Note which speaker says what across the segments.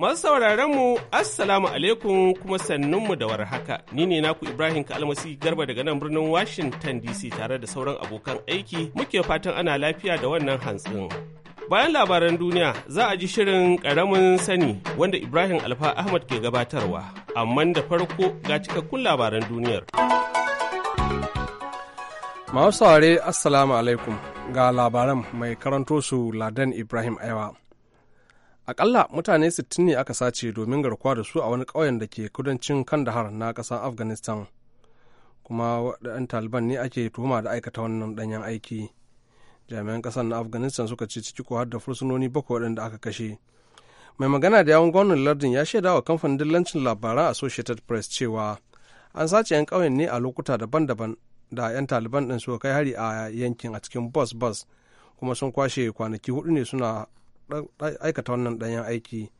Speaker 1: Masu sauraron mu Assalamu alaikum kuma sannunmu da warhaka. Ni ne naku Ibrahim Kalmasi Garba daga nan birnin Washington DC tare da sauran abokan aiki muke fatan ana lafiya da wannan hantsin. Bayan labaran duniya za a ji shirin ƙaramin sani wanda Ibrahim Alfa Ahmad ke gabatarwa, amma da farko ga cikakkun
Speaker 2: labaran duniyar. Masu saurare Assalamu alaikum ga labaran mai karanto su Ladan Ibrahim Aiwa. Akalla mutane 60 ne aka sace domin garkuwa da su a wani ƙauyen da ke kudancin Kandahar na ƙasar Afghanistan. Kuma waɗannan Taliban ne ake tuhuma da aikata wannan ɗanyen aiki. Jami'an ƙasar na Afghanistan suka ce ciki ko har da fursunoni bakwai waɗanda aka kashe. Mai magana da yawon gwamnan lardin ya shaida wa kamfanin dillancin labaran Associated Press cewa an sace 'yan ƙauyen ne a lokuta daban-daban da 'yan taliban ɗin suka kai hari a yankin a cikin bus bus kuma sun kwashe kwanaki hudu ne suna aikata wannan ɗanyen aiki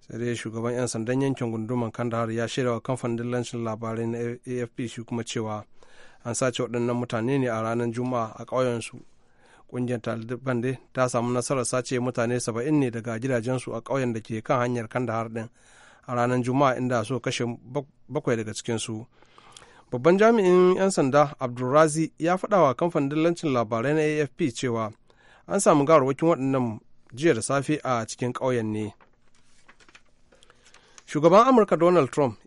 Speaker 2: sai dai shugaban 'yan sandan yankin gunduman kandahar ya shirya wa kamfanin dillancin labarai na afp shi kuma cewa an sace waɗannan mutane ne a ranar juma'a a ƙauyensu ƙungiyar taliban dai ta samu nasarar sace mutane saba'in ne daga gidajensu a ƙauyen da ke kan hanyar kandahar ɗin a ranar juma'a inda so kashe bakwai daga cikinsu babban jami'in 'yan sanda abdulrazi ya faɗawa kamfanin dillancin labarai na afp cewa an samu gawarwakin waɗannan jiya da safe a cikin ƙauyen ne shugaban amurka donald trump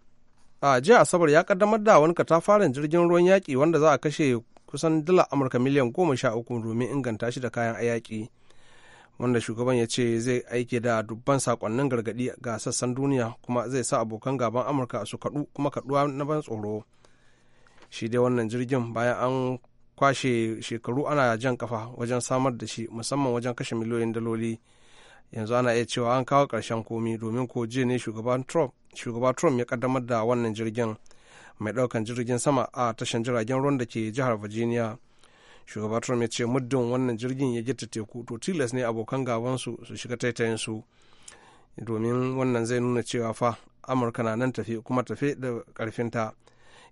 Speaker 2: a jiya asabar ya kaddamar da wani katafaren jirgin ruwan yaƙi wanda za a kashe kusan dala amurka miliyan goma sha uku domin inganta shi da kayan yaƙi wanda shugaban ya ce zai aike da dubban sakonnin gargadi ga sassan duniya kuma zai sa abokan gaban amurka su kaɗu kuma kaɗuwa na ban tsoro shi dai wannan jirgin bayan an kwashe shekaru ana jan kafa wajen samar da shi musamman wajen kashe miliyoyin daloli yanzu ana iya cewa an kawo ƙarshen komi domin ko jiya ne shugaba trump ya kaddamar da wannan jirgin mai ɗaukan jirgin sama a tashan jiragen ruwan da ke jihar virginia shugaba trump ya ce muddin wannan jirgin ya gita teku to tilas ne abokan gabansu su shiga taitayinsu domin wannan zai nuna cewa fa amurka na nan tafe kuma tafe da ƙarfinta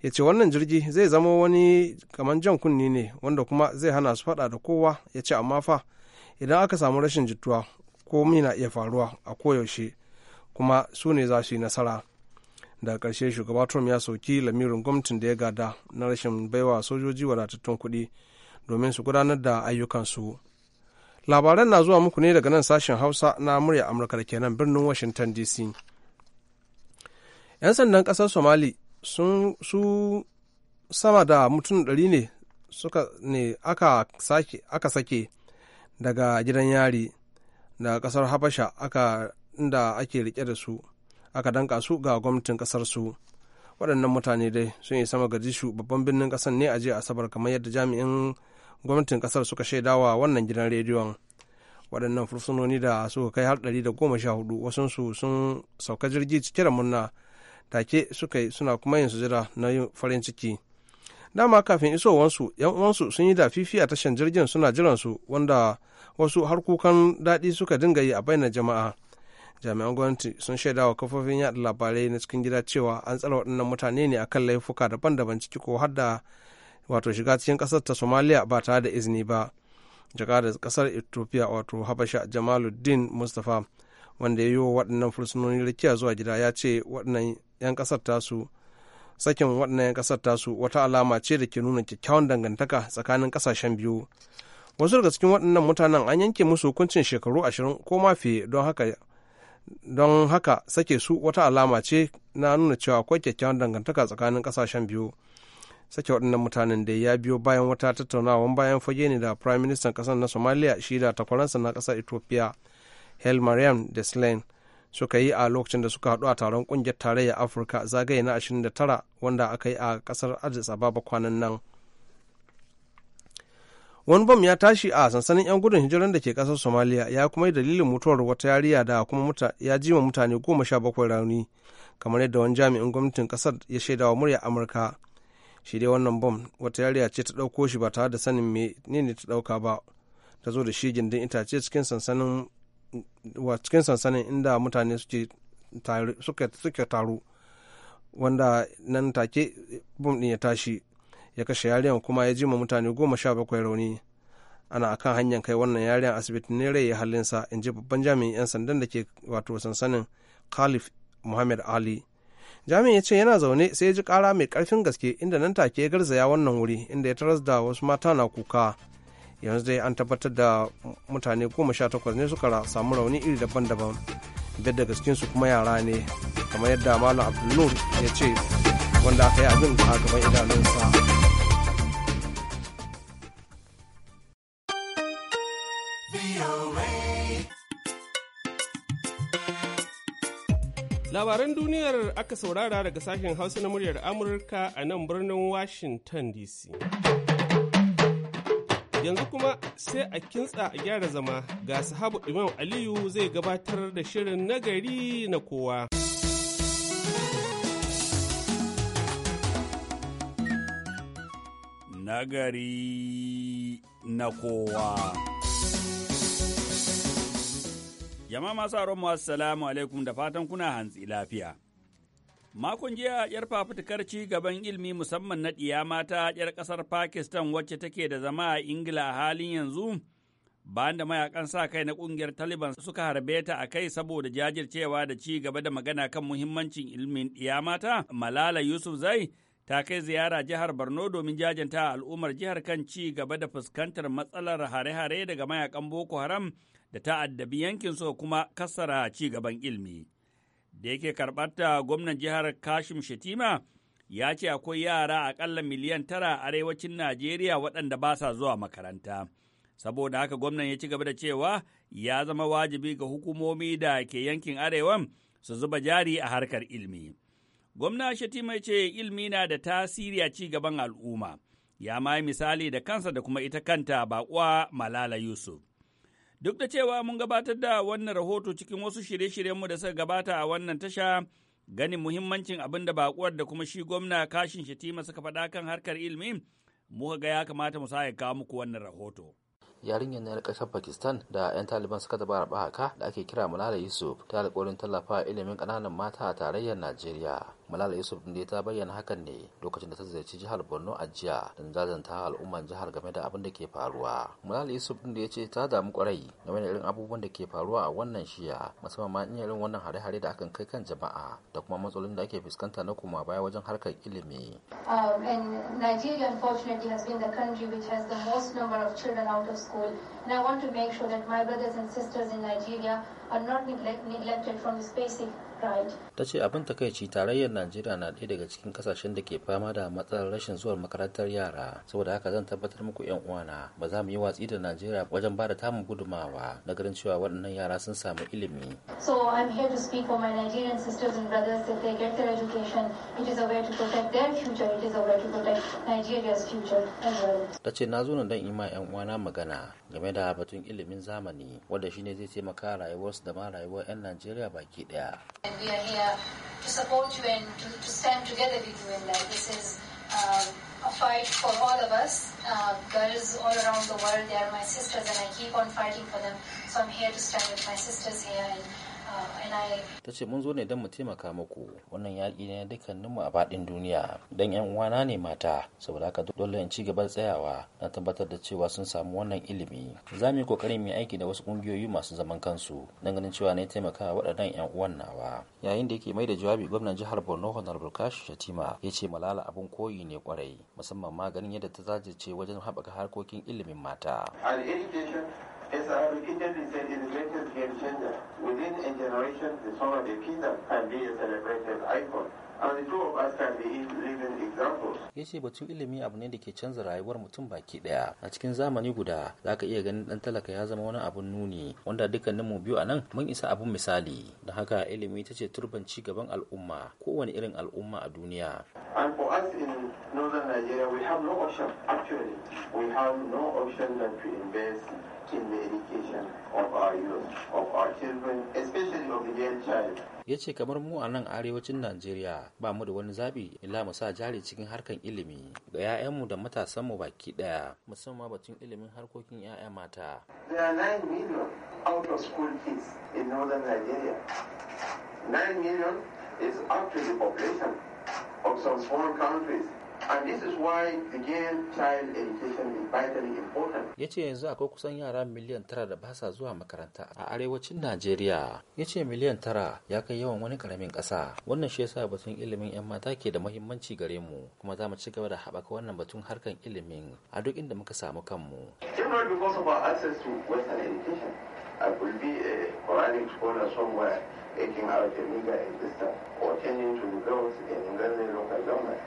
Speaker 2: ya ce wannan jirgi zai zama wani kamar jan kunni ne wanda kuma zai hana su fada da kowa ya ce amma fa idan aka samu rashin jituwa ko na iya faruwa a koyaushe kuma su ne za su yi nasara da karshe shugaba trump ya sauki lamirin gwamnatin da ya gada na rashin baiwa sojoji wadatattun kuɗi domin su gudanar da ayyukansu labaran na zuwa muku ne daga nan sashen hausa na murya amurka da kenan birnin washington dc 'yan sandan ƙasar somali su sama da mutum ɗari ne suka ne aka sake daga gidan yari da kasar habasha aka inda ake rike da su aka danka su ga gwamnatin ƙasar su waɗannan mutane dai sun yi sama su babban birnin ƙasar ne a jiya asabar kamar yadda jami'in gwamnatin ƙasar suka shaidawa wannan gidan rediyon waɗannan fursunoni da suka kai har ɗari da goma sha hudu wasansu sun sauka jirgi cike da murna take suka yi suna kuma yin sujada na yin farin ciki dama kafin isowansu yan uwansu sun yi fifi a tashan jirgin suna jiransu wanda wasu har kukan daɗi suka dinga yi a bayan jama'a jami'an gwamnati sun shaida wa kafofin yaɗa labarai na cikin gida cewa an tsara waɗannan mutane ne akan laifuka daban-daban ciki ko har da wato shiga cikin ƙasar ta somaliya ba tare da izini ba jakadar ƙasar ethiopia wato habasha jamaluddin mustapha wanda ya yi wa waɗannan fursunoni rikiya zuwa gida ya ce waɗannan 'yan ƙasar tasu sakin waɗannan 'yan ƙasar tasu wata alama ce da ke nuna kyakkyawan dangantaka tsakanin ƙasashen biyu wasu daga cikin waɗannan mutanen an yanke musu hukuncin shekaru ashirin ko ma fiye don haka don haka sake su wata alama ce na nuna cewa akwai kyakkyawan dangantaka tsakanin ƙasashen biyu sake waɗannan mutanen da ya biyo bayan wata tattaunawa bayan fage ne da prime minister ƙasar na somalia shi da takwaransa na ƙasar ethiopia hel mariam deslain suka yi a lokacin da suka haɗu a taron ƙungiyar tarayyar afirka zagaye na 29 wanda aka yi a ƙasar addis ababa kwanan nan wani bom ya tashi a sansanin 'yan gudun hijiran da ke ƙasar somaliya ya kuma yi dalilin mutuwar wata yariya da kuma ya ji wa mutane goma sha bakwai rauni kamar yadda wani jami'in gwamnatin ƙasar ya shaidawa murya amurka shi dai wannan bom wata yariya ce ta ɗauko shi ba tare da sanin menene ta ɗauka ba ta zo da shi gindin itace cikin sansanin wa cikin sansanin inda mutane suke taru wanda nan take bom ɗin ya tashi ya kashe yariyan kuma ya jima mutane goma sha bakwai rauni ana akan hanyar kai wannan yariyan asibiti ne rai ya halinsa in ji babban jami'in 'yan sandan da ke wato sansanin khalif muhammad ali jami'in ya ce yana zaune sai ya ji kara mai karfin gaske inda nan take ya garzaya wannan wuri inda ya taras da wasu mata na kuka yanzu dai an tabbatar da mutane goma sha takwas ne suka samu rauni iri daban-daban biyar daga su kuma yara ne kamar yadda malam abdulnur ya ce wanda aka yi abin a gaban idanunsa
Speaker 1: labaran duniyar aka saurara daga sashen hausa na muryar amurka a nan birnin washington dc Yanzu kuma sai a kintsa a gyara zama ga sahabu Imam Aliyu zai gabatar da shirin nagari na kowa.
Speaker 3: Nagari na kowa. Yama masu aron mu assalamu alaikum da fatan kuna hantsi lafiya. Makon jiya ‘yar fafutukar ci gaban ilmi musamman na ɗiya mata ‘yar ƙasar Pakistan wacce take da zama a Ingila a halin yanzu, bayan da mayakan sa kai na ƙungiyar Taliban suka harbe ta a kai saboda jajircewa da ci gaba da magana kan muhimmancin ilmin ɗiya mata, Malala Yusuf Zai ta kai ziyara jihar Borno domin jajanta al'ummar jihar kan ci gaba da fuskantar matsalar hare-hare daga mayakan Boko Haram da ta'addabi yankin so kuma kassara ci gaban ilmi. da yake karɓarta gwamnan jihar Kashim shetima ya ce akwai yara aƙalla miliyan tara a arewacin Najeriya waɗanda ba sa zuwa makaranta. Saboda haka gwamnan ya ci gaba da cewa ya zama wajibi ga hukumomi da ke yankin arewan su zuba jari a harkar ilimi. Gwamna Shatima ce ilimi na da tasiri a ci gaban al'umma. Ya ma misali da kansa da kuma ita kanta baƙuwa Malala Yusuf. Duk da cewa mun gabatar da wannan rahoto cikin wasu shirye-shiryenmu da suka gabata a wannan tasha, ganin muhimmancin abin da bakuwar da kuma shi gwamna kashin shatima suka faɗa kan harkar ilimi, muka ga ya kamata mu sake kawo muku wannan rahoto.
Speaker 4: yarinyar na kasar pakistan da 'yan taliban suka taba rabaka da ake kira malala yusuf ta alƙawarin tallafa ilimin ƙananan mata a tarayyar najeriya malala yusuf ne ta bayyana hakan ne lokacin da ta ziyarci jihar borno a jiya don zazanta al'umman jihar game da abin da ke faruwa malala yusuf ɗin da ya ce ta damu kwarai game da irin abubuwan da ke faruwa a wannan shiya musamman ma irin wannan hare-hare da akan kai kan jama'a da kuma matsalolin da ake fuskanta na kuma baya wajen harkar ilimi.
Speaker 2: Um, Nigeria are not ta
Speaker 4: ce abin takaici tarayyar najeriya na ɗaya daga cikin kasashen da ke fama da matsalar rashin zuwan makarantar yara saboda haka zan tabbatar muku yan uwana ba za mu yi watsi da najeriya wajen ba da tamu gudumawa na garin cewa waɗannan yara sun samu ilimi so ta ce na zo nan don in yan uwana magana game da batun ilimin zamani wanda shine zai taimaka rayuwarsu da ma rayuwar yan najeriya baki ɗaya
Speaker 2: and we are here to support you and to, to stand together with you in that. This is um, a fight for all of us. Uh, girls all around the world, they are my sisters, and I keep on fighting for them. So I'm here to stand with my sisters here and
Speaker 4: ta ce mun zo ne don mu taimaka muku wannan yaƙi ne dukkanin mu a faɗin duniya don yan uwana ne mata saboda haka dole in ci gaba tsayawa na tabbatar da cewa sun samu wannan ilimi za mu yi kokarin mu aiki da wasu ƙungiyoyi masu zaman kansu don ganin cewa ne taimaka waɗannan yan uwan nawa yayin da yake mai da jawabi gwamnan jihar Borno honar Kashi Shatima ya ce malala abun koyi ne kwarai musamman ma ganin yadda ta zaje ce wajen haɓaka harkokin ilimin mata.
Speaker 5: As I have repeatedly said, it is the greatest game changer. Within a generation, the Somali kingdom can be a celebrated icon.
Speaker 4: ya ce batun ilimi abu ne da ke canza rayuwar mutum baki daya a cikin zamani guda za ka iya ganin dan talaka ya zama wani abun nuni wanda dukkanin mu biyu a nan mun isa abun misali da haka ilimi ta ce turban ci gaban al'umma kowane irin al'umma a duniya
Speaker 6: and for us in northern nigeria we have no option actually we have no option than to invest in the education of our youth of our children especially of the young child
Speaker 4: ya ce kamar mu a nan arewacin najeriya ba mu da wani zabi illa mu sa jari cikin harkan ilimi ga 'ya'yanmu da matasanmu baki daya musamman batun ilimin harkokin 'ya'ya mata There are 9 million out of school kids in northern Nigeria. 9 million is up to the population of some small countries And this is why again child education is vitally important. Ya ce yanzu akwai kusan yara miliyan tara da basa zuwa makaranta a arewacin Najeriya. Ya ce miliyan tara ya kai yawan wani karamin ƙasa. Wannan shi yasa batun ilimin 'yan mata ke da muhimmanci gare mu kuma za mu ci gaba da haɓaka wannan batun harkar ilimin a duk inda muka samu kanmu. General
Speaker 7: because of our access to Western education, I will be a Quranic scholar somewhere taking out a meager
Speaker 4: existence or changing to the girls in the local government.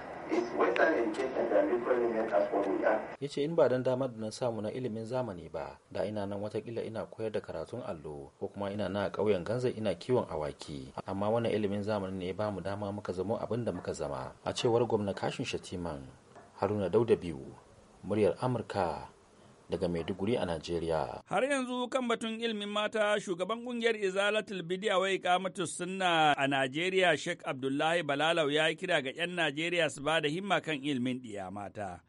Speaker 4: ya ce in ba don damar da na samu na ilimin zamani ba da ina nan watakila ina koyar da karatun allo ko kuma ina na ƙauyen ganza ina kiwon awaki amma wannan ilimin zamani ne ba mu dama muka zama abin da muka zama a cewar gwamna kashin shatiman haruna dauda biyu muryar amurka daga Maiduguri a Najeriya.
Speaker 3: Har yanzu kan batun ilimin mata shugaban kungiyar Izalatul Bidiya wai kamatu sunna a Najeriya Sheikh Abdullahi Balalau ya yi kira ga 'yan Najeriya su ba da himma kan ilimin ɗiya mata.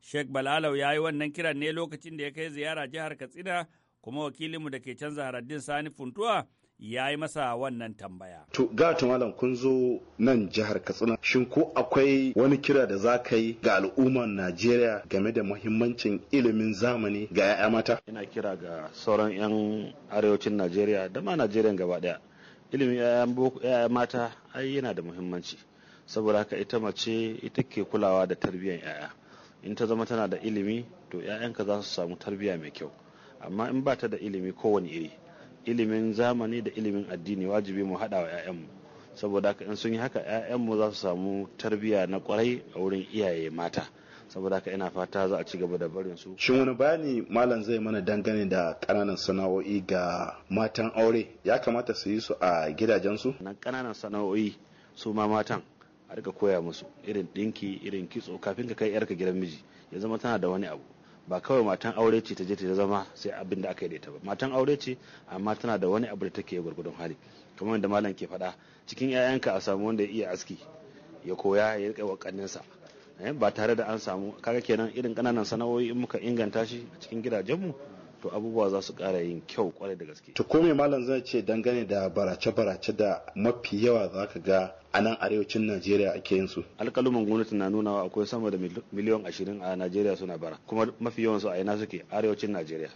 Speaker 3: Sheikh Balalau ya yi wannan kiran ne lokacin da ya kai ziyara jihar Katsina kuma wakilinmu da ke canza Zaharaddin Sani Funtuwa ya yi masa wannan tambaya.
Speaker 8: To ga malam kun zo nan jihar Katsina shin ko akwai wani kira da za ka yi ga al'ummar Najeriya game da muhimmancin ilimin zamani ga 'ya'ya mata? Ina kira ga sauran 'yan arewacin Najeriya da ma Najeriya gaba daya.
Speaker 9: Ilimin 'ya'ya mata ai yana da muhimmanci saboda haka ita mace ita ke kulawa da tarbiyyar 'ya'ya. In ta zama tana da ilimi to 'ya'yanka za su samu tarbiyya mai kyau. Amma in ba ta da ilimi kowane iri ilimin zamani da ilimin addini wajibi mu haɗa wa 'ya'yanmu saboda haka in sun yi haka 'ya'yanmu za su samu tarbiyya na kwarai a wurin iyaye mata saboda haka ina fata za a ci gaba da barin su
Speaker 8: shin wani bayani malam zai mana dangane da kananan sana'o'i ga matan aure ya kamata su yi su a gidajensu na kananan sana'o'i su ma matan a rika koya musu irin ɗinki,
Speaker 9: irin kitso kafin ka kai yarka gidan miji ya zama tana da wani abu ba kawai matan aure ce ta je ta zama sai abin da aka yi da ita ba matan aure ce amma tana da wani abu da take gwargwadon hali kamar da malam ke faɗa cikin 'ya'yanka a samu wanda ya iya aski ya koya ya rika wa kanninsa eh, ba tare da an samu kaga kenan irin kananan sana'o'i in muka inganta shi a cikin gidajenmu to abubuwa za su ƙara yin kyau kwarai da gaske.
Speaker 8: To ko malam zai ce dangane da barace-barace da mafi yawa za ka ga a nan arewacin Najeriya ake yin su. Alƙaluman gwamnati na
Speaker 9: nunawa akwai sama da miliyan ashirin a Najeriya suna bara kuma mafi yawan su a ina suke arewacin Najeriya.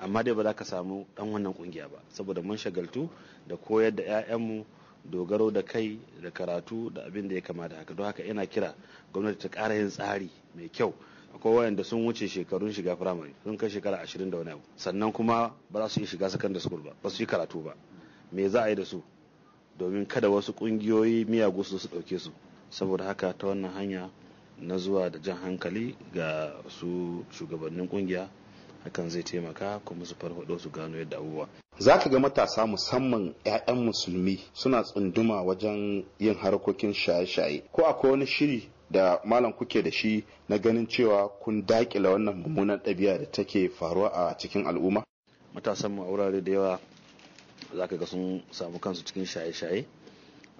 Speaker 9: Amma dai ba za ka samu ɗan wannan ƙungiya ba saboda mun shagaltu da koyar da 'ya'yanmu dogaro da kai da karatu da abin da ya kamata haka don haka ina kira gwamnati ta kara yin tsari mai kyau akwai wayanda sun wuce shekarun shiga firamare sun kai shekara ashirin da wani abu sannan kuma ba za su iya shiga sakandare school ba ba su yi karatu ba me za a yi da su domin kada wasu kungiyoyi miyagu su su ɗauke su saboda haka ta wannan hanya na zuwa da jan hankali ga su shugabannin kungiya hakan zai taimaka kuma su farfado su gano yadda abubuwa
Speaker 8: za ka ga matasa musamman 'ya'yan musulmi suna tsunduma wajen yin harkokin shaye-shaye ko akwai wani shiri da malam kuke da shi na ganin cewa kun dakila wannan mummunan ɗabi'a da take faruwa a cikin al'umma? Matasan mu a wurare da yawa za ka ga sun samu kansu cikin
Speaker 9: shaye-shaye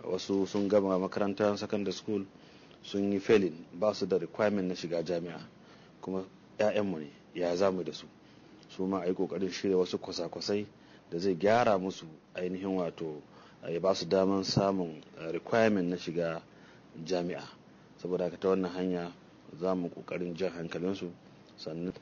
Speaker 9: wasu sun gama makarantar secondary school sun yi felin ba su da requirement na shiga jami'a kuma 'ya'yanmu ne ya za mu da su su ma a yi kokarin shirya wasu kwasa-kwasai da zai gyara musu ainihin wato ya ba su daman samun eh, requirement na shiga jami'a saboda ka ta wannan hanya za mu kokarin jan hankalinsu sannan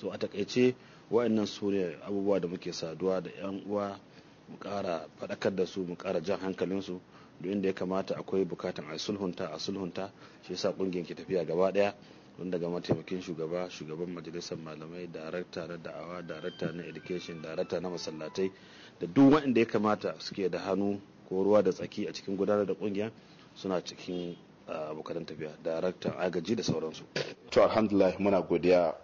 Speaker 9: so a takaice wa'annan su ne abubuwa da muke saduwa da 'yan uwa mu kara faɗakar da su mu kara jan hankalinsu duk inda ya kamata akwai bukatan a sulhunta a sulhunta shi yasa kungiyar ke tafiya gaba daya don daga mataimakin shugaba shugaban majalisar malamai darakta na da'awa darakta na education darakta na masallatai da duk da ya kamata suke da hannu ko ruwa da tsaki a cikin gudanar da kungiya suna cikin abokanan tafiya daraktan
Speaker 8: agaji da sauransu to alhamdulillah muna godiya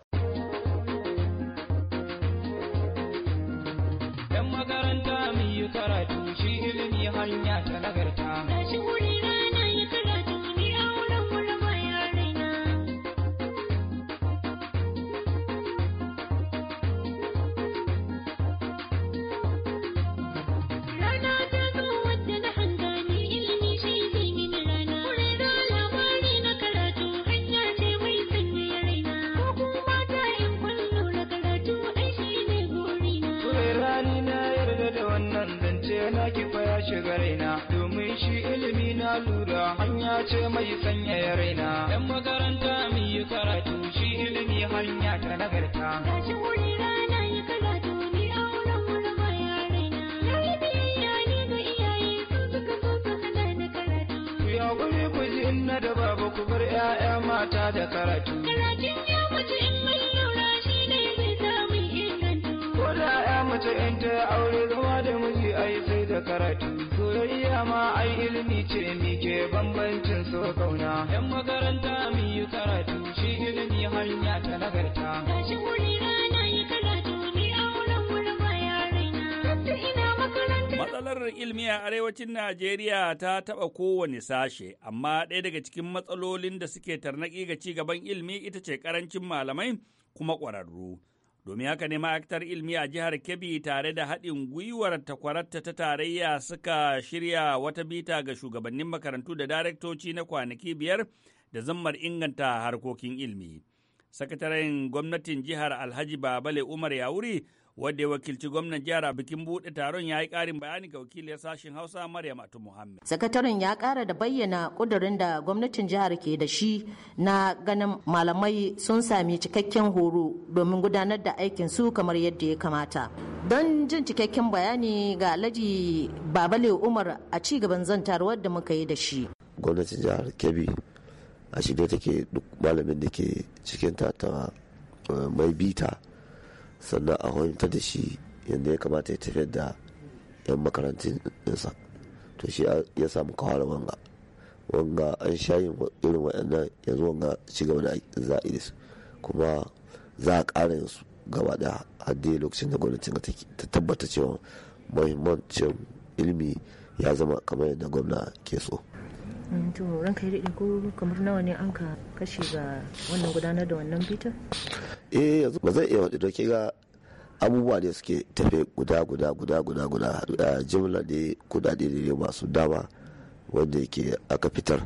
Speaker 10: shiga raina domin shi ilimi na lura hanya ce mai sanyaya raina yan makaranta mu yi karatu shi ilimi hanya ta nagarta tashi wuri rana yi karatu ni yi biyayya ne ga iyaye sun suka karatu ya kuri ku inna da baba ku bar 'ya'ya mata da karatu karatun ya mace in mun lura shi ne zai samu ingantu ko da 'ya mace in ta aure zama da miji da karatu soyayya ma ai ilimi ce mi ke bambancin so kauna yan makaranta mi yi karatu shi ilimi hanya ta nagarta tashi wuri rana yi karatu ni a wurin wurin ina makaranta
Speaker 3: matsalar ilimi a arewacin Najeriya ta taɓa kowane sashe amma ɗaya daga cikin matsalolin da suke tarnaƙi ga ci gaban ilimi ita ce ƙarancin malamai kuma ƙwararru Domin haka ne ma'aikatar ilmi a jihar Kebbi tare da haɗin gwiwar takwararta ta tarayya suka shirya wata bita ga shugabannin makarantu da daraktoci na kwanaki biyar da zammar inganta harkokin ilmi. Sakataren gwamnatin jihar Alhaji Babale Umar Yawuri wadda ya wakilci gwamnan jihar a bikin buɗe taron ya yi ƙarin bayani ga wakiliyar sashen hausa maryam atu muhammad
Speaker 11: sakataren ya ƙara da bayyana ƙudurin da gwamnatin jihar ke da shi na ganin malamai sun sami cikakken horo domin gudanar da aikin su kamar yadda ya kamata don jin cikakken bayani ga alhaji babale umar a ci gaban zantarwar da muka yi da shi
Speaker 6: gwamnatin jihar kebbi a shirye take duk malamin da ke cikin ta eh, mai bita sannan a fahimtar da shi yadda ya kamata ya tafiyar da 'yan makarantunsa to shi ya samu kawar wanga wanga an sha irin waɗannan yanzu wanga ci gaba da za'i da su kuma za a ƙara yansu su gaba da hadde lokacin da gwamnati ta tabbata cewa muhimmancin ilimi ya zama kamar yadda gwamna ke so.
Speaker 11: Mm, to ranka ya daɗe ko kamar nawa ne an ka kashe ga wannan gudanar da wannan bitar
Speaker 6: eh yanzu ba zai iya wadda doki ga abubuwa ne suke tafe guda guda guda guda guda jimla ne kudade ne masu dama wanda yake aka fitar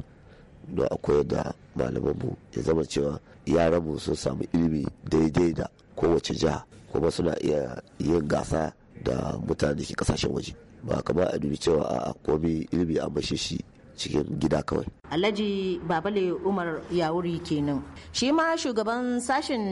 Speaker 6: don a koyar da malamanmu ya zama cewa yaran mu sun samu ilimi daidai da kowace jiha kuma suna iya yin gasa da mutane ke kasashen waje ba kamar a dubi cewa a komi ilimi a mashi shi cikin gida kawai
Speaker 11: alhaji babale umar yawuri kenan shi ma shugaban sashen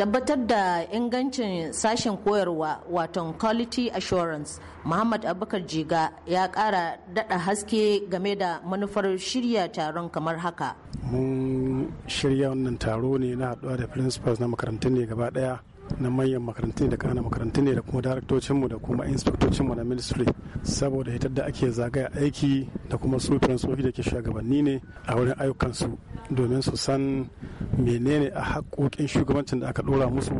Speaker 11: tabbatar da ingancin sashen koyarwa waton quality assurance muhammad abubakar jiga ya kara dada haske game da manufar shirya taron kamar haka
Speaker 5: mun shirya wannan taro ne na haɗuwa da principals na makarantun ne gaba daya na manyan makarantu da kana makarantu ne da kuma daraktocinmu da kuma inspektocinmu na ministry saboda hitar da ake zagaya aiki da kuma su firansofi da ke shugabanni ne a wurin ayyukansu domin su san menene a haƙoƙin shugabancin da aka ɗora musu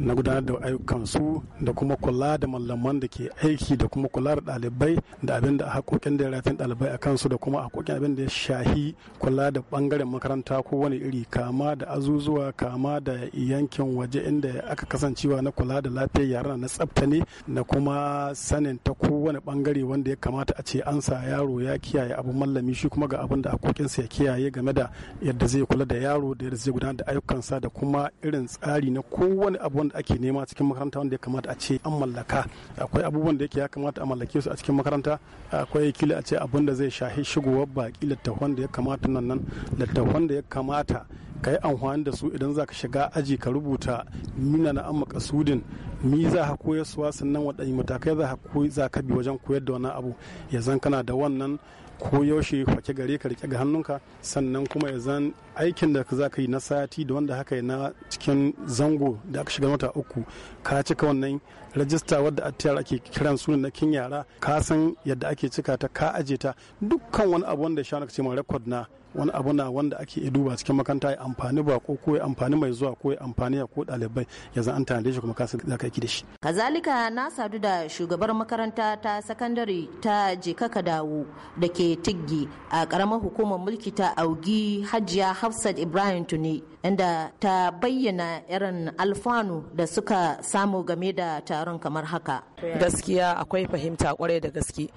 Speaker 5: na gudanar da ayyukansu da kuma kula da malaman da ke aiki da kuma kula da ɗalibai da abin da haƙoƙin da ya ɗalibai a kansu da kuma haƙoƙin abin da ya shahi kula da bangaren makaranta ko wani iri kama da azuzuwa kama da yankin waje inda aka kasancewa na kula da lafiyar yaran na tsafta ne da kuma sanin ta kowane bangare wanda ya kamata a ce an sa yaro ya kiyaye abu mallami shi kuma ga abin da haƙoƙinsa ya kiyaye game da yadda zai kula da yaro da yadda zai gudanar da ayyukansa da kuma irin tsari na kowane abu abubuwan da ake nema cikin makaranta wanda ya kamata a ce an mallaka akwai abubuwan da yake ya kamata a mallake su a cikin makaranta akwai kila a ce abin da zai shahi shigowar baki littafan da ya kamata nan nan littafan da ya kamata ka yi amfani da su idan za ka shiga aji ka rubuta mina na an makasudin mi za ka koyar suwa sannan waɗanne matakai za ka bi wajen koyar da wani abu ya zan kana da wannan ko yaushe fake gare ka rike ga hannunka sannan kuma ya zan aikin da za ka yi na sati da wanda haka na cikin zango da aka shiga mata uku ka cika wannan rajista wadda attiyar ake kiran sunan na kin yara ka san yadda ake cika ta ka aje ta dukkan wani abu wanda ya sha ce ma rekod na wani abu na wanda ake duba cikin makaranta ya amfani ba ko ko amfani mai zuwa ko ya ko ɗalibai ya zan an tanade shi kuma ka san za ka yi da shi.
Speaker 11: kazalika na sadu da shugabar makaranta ta sakandare ta jekaka dawo da ke tiggi a karamar hukumar mulki ta augi hajiya hafsat ibrahim tuni inda ta bayyana irin alfanu da suka samu game da
Speaker 12: taron kamar haka. Gaskiya akwai fahimta kwarai da gaske,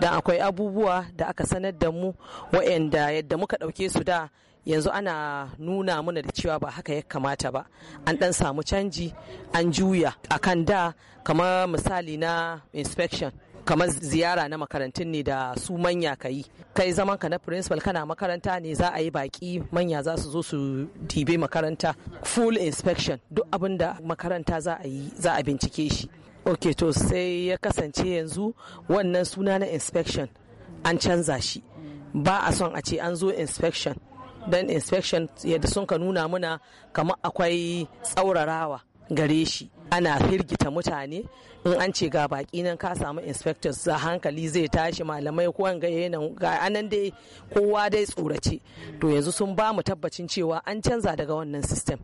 Speaker 12: don akwai abubuwa da aka sanar da mu wa'anda yadda muka ɗauke su da yanzu ana nuna mana da cewa ba haka ya kamata ba an dan samu canji an juya akan da kamar misali na inspection kamar ziyara na makarantun ne da su manya ka yi kai zaman ka na principal kana makaranta ne za a yi baki manya za su zo su dibe makaranta full inspection duk abin da makaranta za a yi za a bincike shi ok to sai ya kasance yanzu wannan suna na inspection an canza shi ba a son a ce an zo inspection don inspection yadda sun ka nuna muna kamar akwai tsaurarawa gare shi ana firgita mutane in an ce ga baki nan ka samu inspectors za hankali zai tashi malamai ko ga ga anan dai kowa dai tsorace to yanzu sun ba mu tabbacin cewa an canza daga wannan system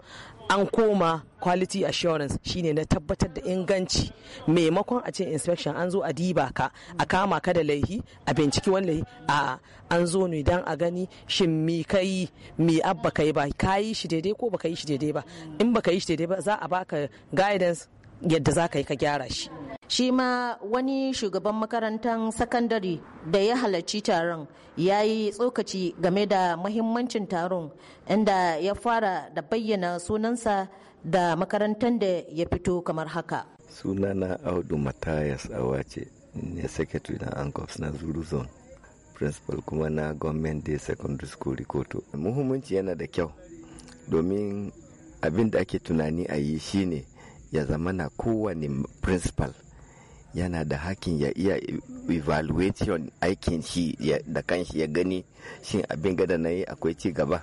Speaker 12: an koma quality assurance shine na tabbatar da inganci maimakon a ce inspection an zo a diba ka a kama ka da laihi a binciki wani laihi a an zo ne dan a gani shin mi kai mi abba kai ba ka yi shi daidai ko baka yi shi daidai ba in baka yi shi daidai ba za a baka guidance yadda za ka yi ka gyara shi
Speaker 11: shi ma wani shugaban makarantar sakandare da ya halarci taron ya yi tsokaci game da mahimmancin taron inda ya fara da bayyana sunansa da makarantar da ya fito kamar haka.
Speaker 13: Sunana Audu Matayas Awace ne secretary na ANCOPS na Zuru Zone. principal kuma na government day secondary school rikoto muhimmanci yana da kyau domin abin da ake tunani a yi shine ya zama na kowane principal yana da hakin ya iya evaluation aikin shi da kanshi ya gani shin abin gada na yi akwai ci gaba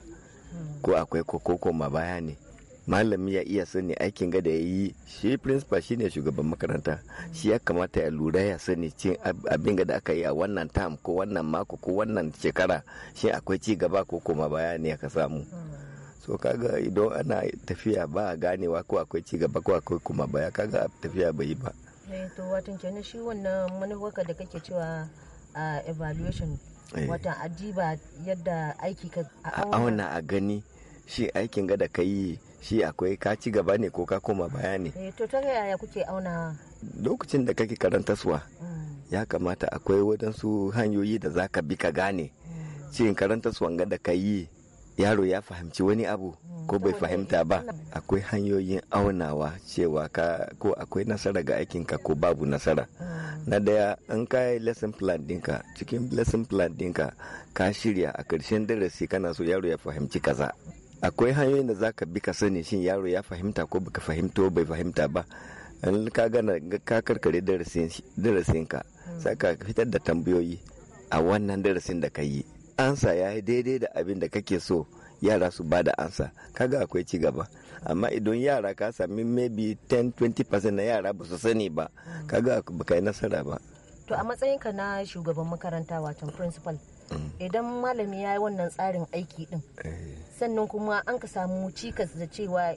Speaker 13: ko akwai kokoko ma baya ne malami ya iya sani aikin ga da ya yi shi principal shine shugaban makaranta shi ya kamata ya lura ya sani cin abin ga da aka yi a wannan tam ko wannan mako ko wannan shekara shi akwai ci gaba ko koma baya ne aka samu so kaga idan ana tafiya ba a ganewa ko akwai ci gaba ko akwai koma baya kaga tafiya bai yi ba
Speaker 11: eh, to watan kenan shi wannan manufarka da kake cewa a evaluation eh. watan ajiba yadda aiki ka a auna
Speaker 13: a gani shi aikin ga da ka yi shi akwai ka ci gaba ne ko ka koma baya ne
Speaker 11: eh, to ta yaya kuke auna
Speaker 13: lokacin da kake suwa, mm. ya kamata akwai wadansu hanyoyi da za ka bi ka gane cin mm. karantaswan ga da ka yi yaro ya fahimci wani abu mm. ko bai fahimta ba akwai hanyoyin aunawa cewa ka ko akwai nasara ga aikinka ko babu nasara na daya an yi lesson plan dinka cikin lesson plan dinka ka shirya a ƙarshen darasi kana so yaro ya fahimci kaza akwai hanyoyin da zaka bi ka sani shin yaro ya fahimta ko baka fahimta bai fahimta ba in ka gana ka karkare darasin ka sai ka fitar da tambayoyi a wannan darasin da ka yi ansa ya yi daidai da abin da kake so yara su ba da ansa kaga akwai ci gaba amma idan yara ka sami maybe 10-20% na yara ba su sani ba kaga ba kai nasara ba
Speaker 11: to a matsayinka na shugaban makaranta wato principal Mm. idan malami ya yi wannan tsarin aiki din eh. sannan kuma an ka samu cikas da cewa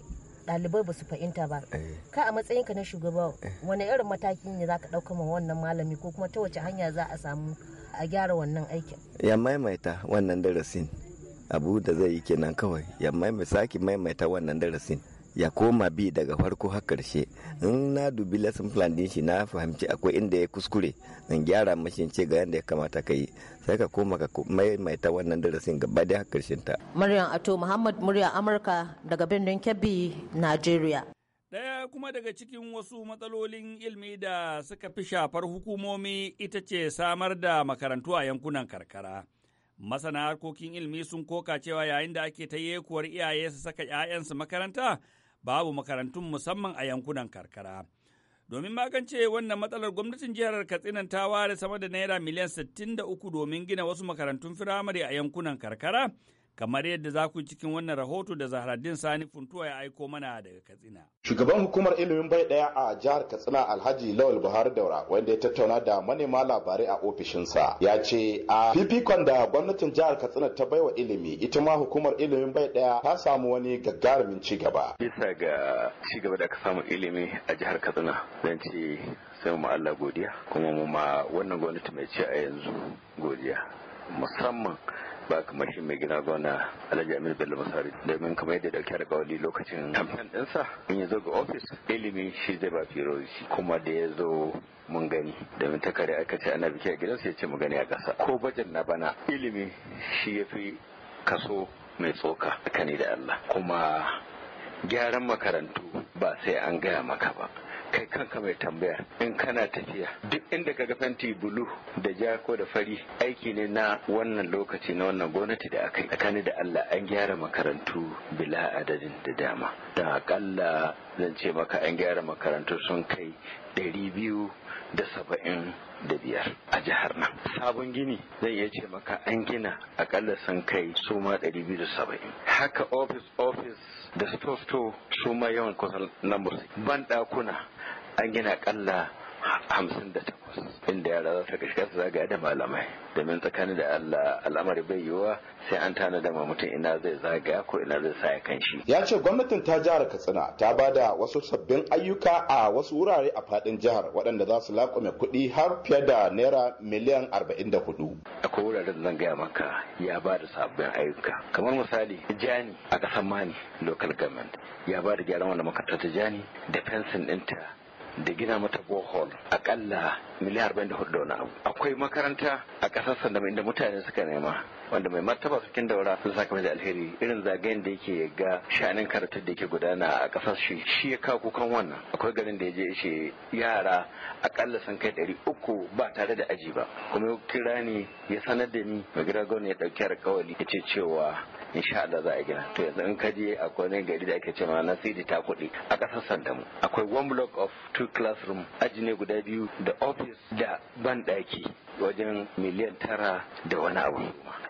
Speaker 11: ɗalibai ba su fahimta ba eh. ka a matsayinka na shugaba eh. wani irin mataki ne za ka ɗauka ma wannan malami ko kuma ta wace hanya za a samu a gyara wannan aikin
Speaker 13: ya maimaita wannan darasin abu da zai yi kenan kawai ya maimaita sake maimaita wannan darasin ya koma bi daga farko har karshe in na dubi lesson plan din shi na fahimci akwai inda ya kuskure in gyara mashi ce ga yadda ya kamata ka yi sai ka koma ka maimaita wannan darasin gaba da har karshen ta
Speaker 11: muryan ato muhammad murya amurka daga birnin kebbi nigeria
Speaker 3: Daya kuma daga cikin wasu matsalolin ilmi da suka fi shafar hukumomi ita ce samar da makarantu a yankunan karkara. Masana harkokin ilmi sun koka cewa yayin da ake ta yekuwar iyaye su saka ‘ya'yansu makaranta, babu makarantun musamman a yankunan karkara. Domin magance wannan matsalar gwamnatin jihar Katsina ta ware sama da naira miliyan 63 domin gina wasu makarantun firamare a yankunan karkara kamar yadda za ku cikin wannan rahoto da zahraddin sani funtuwa ya aiko mana daga katsina
Speaker 8: shugaban hukumar ilimin bai daya a jihar katsina alhaji lawal buhari daura wanda ya tattauna da manema labarai a ofishinsa ya ce a fifikon da gwamnatin jihar katsina ta baiwa ilimi ita ma hukumar ilimin bai daya ta samu wani
Speaker 7: gagarumin ci gaba bisa ga ci gaba da aka samu ilimi a jihar katsina zan ce sai mu Allah godiya kuma mu ma wannan gwamnati mai ci a yanzu godiya musamman ba kamar shi mai gina gona alhaji amir bello masari domin kamar yadda dauke da kawali lokacin kamfen ɗinsa in ya zo ga ofis ilimi shi zai ba firozi kuma da ya zo mun gani domin ta kare aka ce ana biki a gidansa ya ce mu gani a kasa ko bajin na bana ilimi shi ya fi kaso mai tsoka tsakani da allah kuma gyaran makarantu ba sai an gaya maka ba kai kanka mai tambaya in kana tafiya duk inda ka ga fenti bulu da ja ko da fari aiki ne na wannan lokaci na wannan gwamnati da aka yi tsakani da Allah an gyara makarantu bila adadin da dama da akalla zan ce maka an gyara makarantu sun kai ɗari biyu da saba'in da biyar a jihar nan sabon gini zai iya ce maka an gina akalla san kai su ma ɗari biyu da saba'in haka ofis-ofis da store store su ma yawan kusan lambar ban ɗakuna an gina akalla hamsin da takwas inda yara za su kashe su zagaya da malamai domin tsakanin da Allah al'amari bai yiwuwa sai an tana ma mutum ina zai zagaya ko ina zai sa kan shi
Speaker 8: ya ce gwamnatin ta jihar Katsina ta ba da wasu sabbin ayyuka a wasu wurare a fadin jihar waɗanda za su laƙume kuɗi har fiye da naira miliyan arba'in da hudu
Speaker 7: akwai wuraren zan gaya maka ya ba da sabbin ayyuka kamar misali jani a ƙasar mani local government ya ba da gyaran wanda makarantar jani da fensin ɗinta da gina mata bohol akalla miliyar 44 da wani abu akwai makaranta a ƙasar sanda inda mutane suka nema wanda mai martaba cikin daura sun saka da alheri irin zagayen da yake ga sha'anin karatu da yake gudana a ƙasar shi shi ya kawo kukan wannan akwai garin da ya je ce yara akalla sun kai ɗari uku ba tare da aji ba kuma ya kira ne ya sanar da ni mai gida gwamnati ya dauki alkawali ya ce cewa insha Allah za a gina to yanzu in ka je akwai wani gari da ake cewa Nasiri ta kuɗi aka ƙasar mu akwai one block of two classroom aji ne guda biyu da office da ban ɗaki wajen miliyan tara da wani abu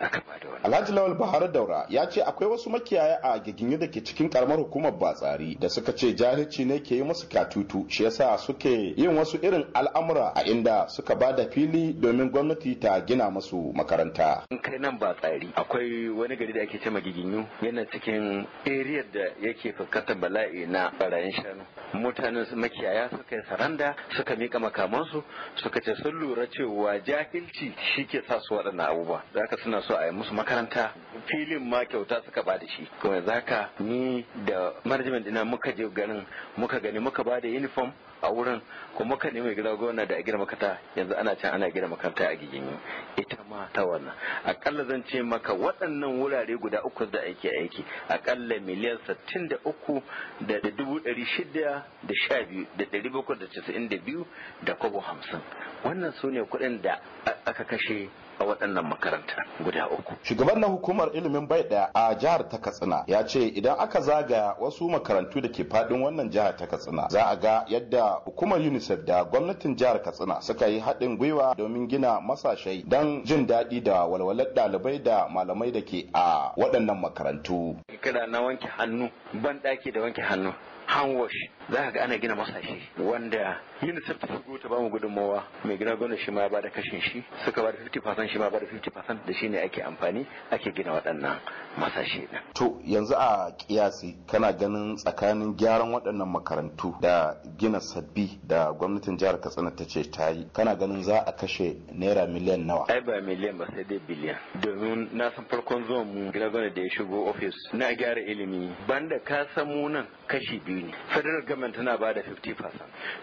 Speaker 7: aka
Speaker 8: bada wani. Alhaji Lawal Bahar Daura ya ce akwai wasu makiyaya a giginye da ke cikin karamar hukumar Batsari da suka ce jahilci ne ke yi musu katutu shi yasa suke yin wasu irin al'amura a inda suka ba da fili domin gwamnati ta gina masu
Speaker 7: makaranta. In kai nan Batsari akwai wani gari da ake ce giginyu yana cikin eriyar da yake fuskantar bala'i na barayin shanu. Mutanen makiyaya suka yi saranda suka mika makamansu suka ce sun lura cewa jahilci shi ke sa su waɗannan abubuwa za ka suna so a yi musu makaranta filin ma kyauta suka ba da shi kuma ka ni da management dina muka je ganin muka gani muka ba da uniform a wurin kuma ka nemi gida gwamna da a gina makaranta yanzu ana can ana gina makaranta a gigimi ita ma ta wannan akalla zan ce maka waɗannan wurare guda uku da aiki aiki akalla miliyan sittin da uku da dubu ɗari shida da sha biyu da ɗari bakwai da casa'in da biyu da kwabo hamsin wannan su ne kuɗin da aka kashe a waɗannan makaranta guda uku.
Speaker 8: Shugaban na hukumar ilimin bai ɗaya a jihar ta Katsina ya ce idan aka zagaya wasu makarantu da ke faɗin wannan jihar ta Katsina za a ga yadda hukumar UNICEF da gwamnatin jihar Katsina suka yi haɗin gwiwa domin gina masashai don jin daɗi da walwalar ɗalibai da malamai da ke a waɗannan makarantu.
Speaker 7: kada na wanke hannu ban ɗaki da wanke hannu Hanwash za ka ga ana gina masashe wanda UNICEF ta shigo ta bamu gudunmawa mai gina gwamnati shi ma ya bada kashin shi suka bada 50% shi ma bada 50% da shi ne ake amfani ake gina waɗannan masashe na. To yanzu a kiyasi
Speaker 8: kana ganin tsakanin gyaran waɗannan makarantu da gina sabbi da gwamnatin jihar Katsina ta ce ta yi kana ganin za a kashe naira miliyan nawa?
Speaker 7: Ai ba miliyan ba sai dai biliyan domin na san farkon zuwan mu gina gwamnati da ya shigo ofis na gyara ilimi banda ka san mu nan kashi biyu biyu ne federal government tana ba da 50%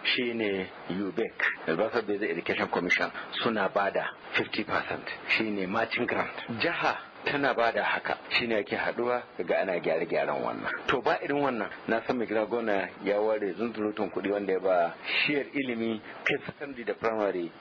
Speaker 7: shine ubec albasa basic education commission suna ba da 50% shine matching grant jiha tana ba da haka shine ake haduwa ga ana gyare gyaran wannan to ba irin wannan na san mai gina gona ya ware zunzurutun kuɗi wanda ya ba shiyar ilimi kai secondary da primary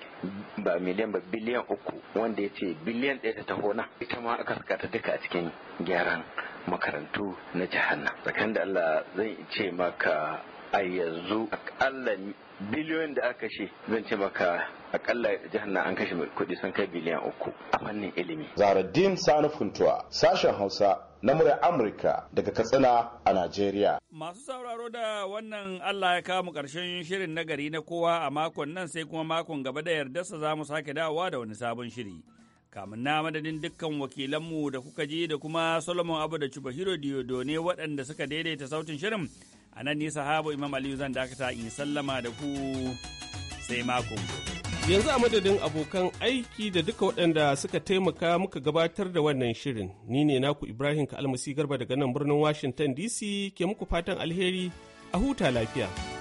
Speaker 7: ba miliyan ba biliyan uku wanda ya ce biliyan ɗaya ta taho na ita ma aka saka ta duka a cikin gyaran makarantu na jahanna. tsakanin da Allah zan ce maka a yanzu akalla biliyoyin da aka shi zan ce maka akalla jahanna an kashe kuɗi sun kai biliyan uku a fannin
Speaker 8: ilimi. Zaradin Sani Funtuwa sashen Hausa na murar Amurka daga Katsina a Najeriya.
Speaker 3: Masu sauraro da wannan Allah ya kawo mu ƙarshen shirin nagari na kowa a makon nan sai kuma makon gaba da yarda za mu sake dawowa da wani sabon shiri. kamun na madadin dukkan wakilanmu da kuka ji da kuma solomon abu da cubahiro diodo ne waɗanda suka daidaita sautin shirin a nan nisa habu imam aliyu zan dakata in sallama da ku sai mako
Speaker 1: yanzu a madadin abokan aiki da duka waɗanda suka taimaka muka gabatar da wannan shirin ni ne naku ibrahim ka almasi garba daga nan birnin washington dc ke muku fatan alheri a huta lafiya